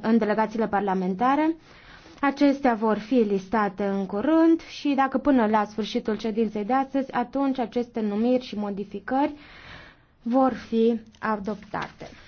în delegațiile parlamentare. Acestea vor fi listate în curând și dacă până la sfârșitul ședinței de astăzi, atunci aceste numiri și modificări vor fi adoptate.